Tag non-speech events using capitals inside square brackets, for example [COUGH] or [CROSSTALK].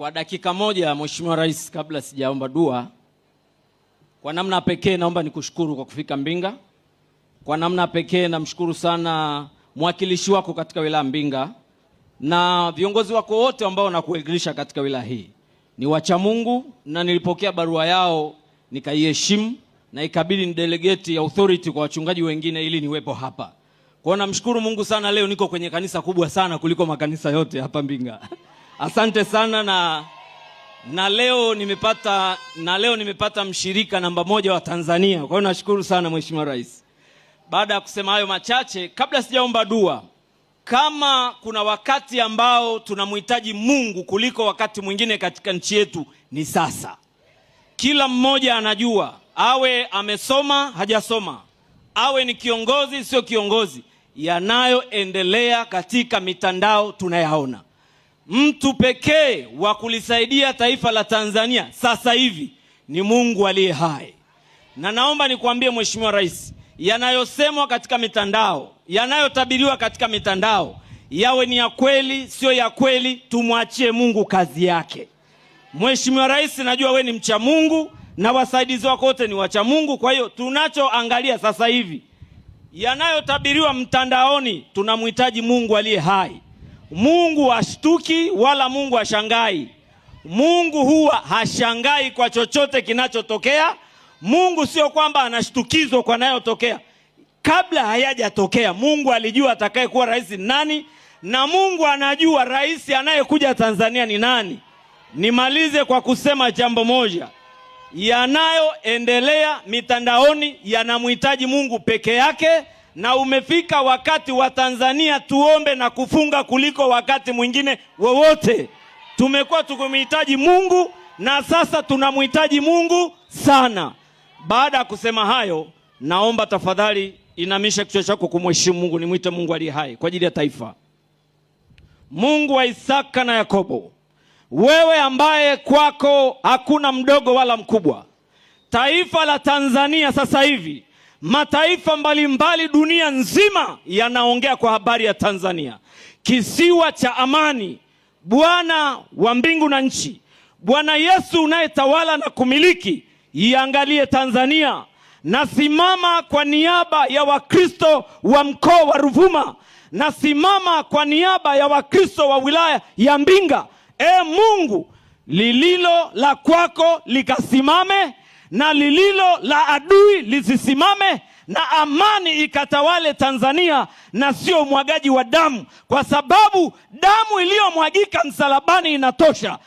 Kwa dakika moja, Mheshimiwa Rais, kabla sijaomba dua, kwa namna pekee naomba nikushukuru kwa kufika Mbinga. Kwa namna pekee namshukuru sana mwakilishi wako katika wilaya Mbinga na viongozi wako wote ambao nakuwakilisha katika wilaya hii. Ni Mungu, na nilipokea barua yao nikaiheshimu na ikabidi ni delegate ya authority kwa wachungaji wengine ili niwepo hapa. Kwa namshukuru Mungu sana, leo niko kwenye kanisa kubwa sana kuliko makanisa yote hapa Mbinga. [LAUGHS] Asante sana na, na leo nimepata na leo nimepata mshirika namba moja wa Tanzania. Kwa hiyo nashukuru sana Mheshimiwa Rais. Baada ya kusema hayo machache, kabla sijaomba dua, kama kuna wakati ambao tunamhitaji Mungu kuliko wakati mwingine katika nchi yetu ni sasa. Kila mmoja anajua, awe amesoma hajasoma, awe ni kiongozi sio kiongozi, yanayoendelea katika mitandao tunayaona mtu pekee wa kulisaidia taifa la Tanzania sasa hivi ni Mungu aliye hai, na naomba nikwambie Mheshimiwa Rais, yanayosemwa katika mitandao, yanayotabiriwa katika mitandao yawe ni ya kweli, sio ya kweli, tumwachie Mungu kazi yake. Mheshimiwa Rais, najua we ni mcha Mungu na wasaidizi wako wote ni wacha Mungu. Kwa hiyo tunachoangalia sasa hivi, yanayotabiriwa mtandaoni, tunamhitaji Mungu aliye hai. Mungu hashtuki wala Mungu hashangai. Mungu huwa hashangai kwa chochote kinachotokea. Mungu sio kwamba anashtukizwa kwa nayotokea. Kabla hayajatokea, Mungu alijua atakayekuwa rais ni nani, na Mungu anajua rais anayekuja Tanzania ni nani. Nimalize kwa kusema jambo moja, yanayoendelea mitandaoni yanamhitaji Mungu peke yake na umefika wakati wa Tanzania tuombe na kufunga kuliko wakati mwingine wowote. Tumekuwa tukimhitaji Mungu na sasa tunamhitaji Mungu sana. Baada ya kusema hayo, naomba tafadhali inamisha kichwa chako kumheshimu Mungu, nimwite Mungu aliye hai kwa ajili ya taifa. Mungu wa Isaka na Yakobo, wewe ambaye kwako hakuna mdogo wala mkubwa, taifa la Tanzania sasa hivi Mataifa mbalimbali mbali dunia nzima yanaongea kwa habari ya Tanzania, kisiwa cha amani. Bwana wa mbingu na nchi, Bwana Yesu unayetawala na kumiliki, iangalie Tanzania. Nasimama kwa niaba ya Wakristo wa mkoa wa Ruvuma, nasimama kwa niaba ya Wakristo wa wilaya ya Mbinga. E Mungu, lililo la kwako likasimame na lililo la adui lisisimame na amani ikatawale Tanzania na sio umwagaji wa damu, kwa sababu damu iliyomwagika msalabani inatosha.